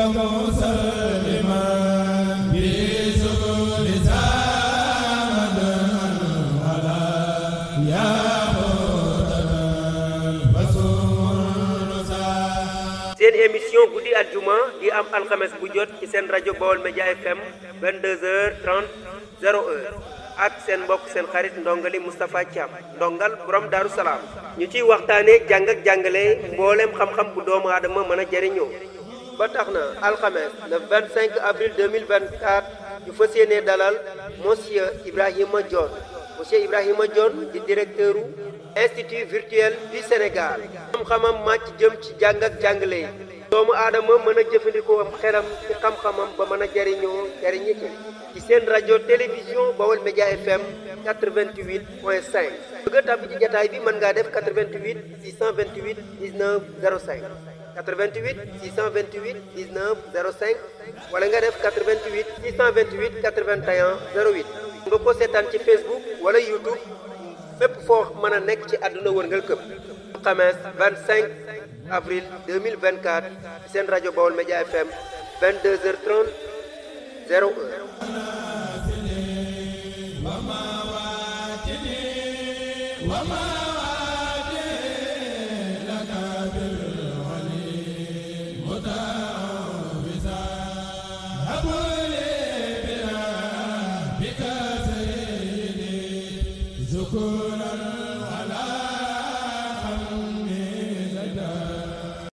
seen émission guddi aljuma di am alxames bu jot ci seen rajo Baol Média FM 22h30 ak seen mbokk seen xarit ndongali Moustapha Thiam ndongal borom Daaru Salaam ñu ciy waxtaanee jàng ak jàngale mbooleem xam-xam bu doomu aadama mën jariñoo ba tax na alxames le 25 avril 2024 ñu fas yéene dalal monsieur Ibrahima Dione monsieur Ibrahima Dione di directeur u institut virtuel du Sénégal xam-xamam màcc jëm ci jàng ak jàngale yi doomu aadama mën a jëfandikoo am xelam ci xam-xamam ba mën a jariñoo jariñi ci ci seen rajo télévision Bawol Média FM 88 point 5 bëgg a tàbbi ci jataay bi mën ngaa def 88 628 19 05 88 628 19 05 wala nga def 88 628 81 08. nga ko seetaan ci Facebook wala YouTube fépp foo mën a nekk ci àdduna wërngal këpp. xamees 25 avril 2024 seen rajo Baol Média FM 22h30 شكرا